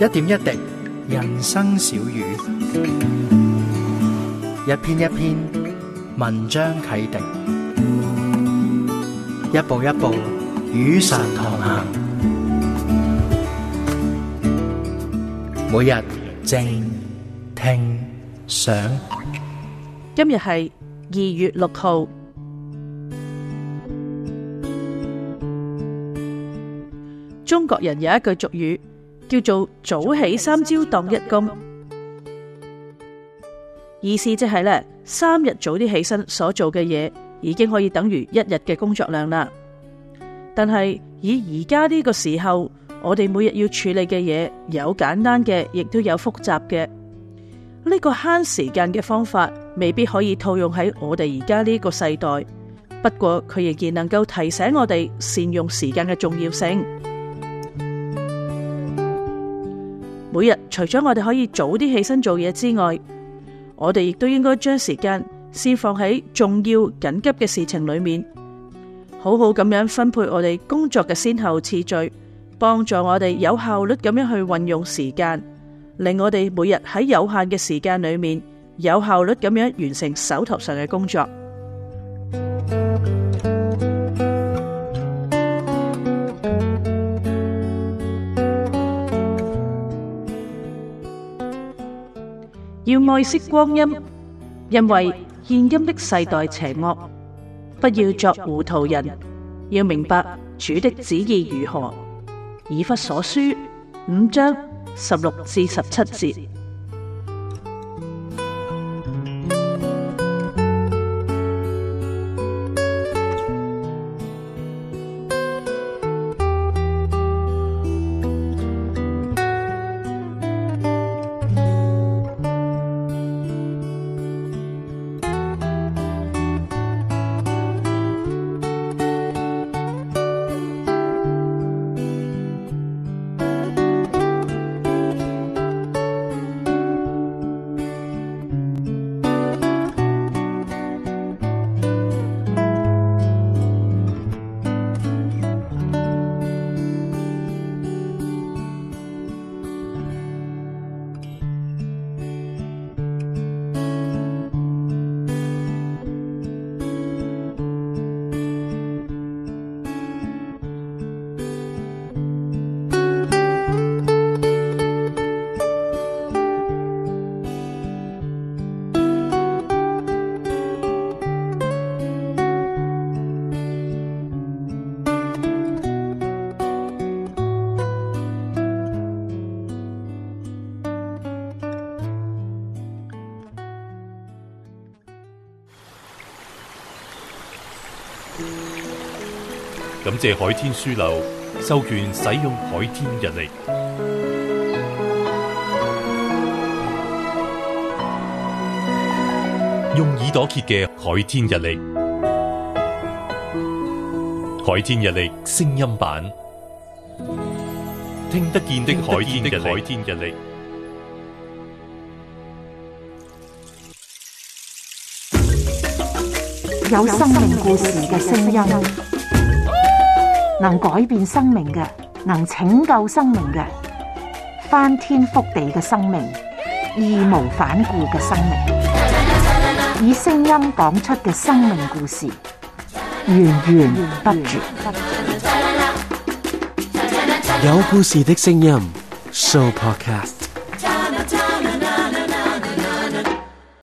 一點一滴，人生小語；一篇一篇，文章啟迪；一步一步，雨傘同行。每日靜聽想，今日係二月六號。中國人有一句俗語。叫做早起三朝當一工，意思即係咧，三日早啲起身所做嘅嘢，已經可以等於一日嘅工作量啦。但係以而家呢個時候，我哋每日要處理嘅嘢，有簡單嘅，亦都有複雜嘅。呢個慳時間嘅方法，未必可以套用喺我哋而家呢個世代。不過佢仍然能夠提醒我哋善用時間嘅重要性。每日除咗我哋可以早啲起身做嘢之外，我哋亦都應該將時間先放喺重要緊急嘅事情裏面，好好咁樣分配我哋工作嘅先後次序，幫助我哋有效率咁樣去運用時間，令我哋每日喺有限嘅時間裏面，有效率咁樣完成手頭上嘅工作。要愛惜光陰，因為現今的世代邪惡，不要作糊塗人，要明白主的旨意如何。以弗所書五章十六至十七節。感謝海天書樓授權使用海天日曆，用耳朵揭嘅海天日曆，海天日曆聲音版，聽得見的海天日曆，聽得見的海天日曆。有生命故事嘅聲音，能改變生命嘅，能拯救生命嘅，翻天覆地嘅生命，義無反顧嘅生命，以聲音講出嘅生命故事，源源不絕。有故事嘅聲音，Sooo Podcast。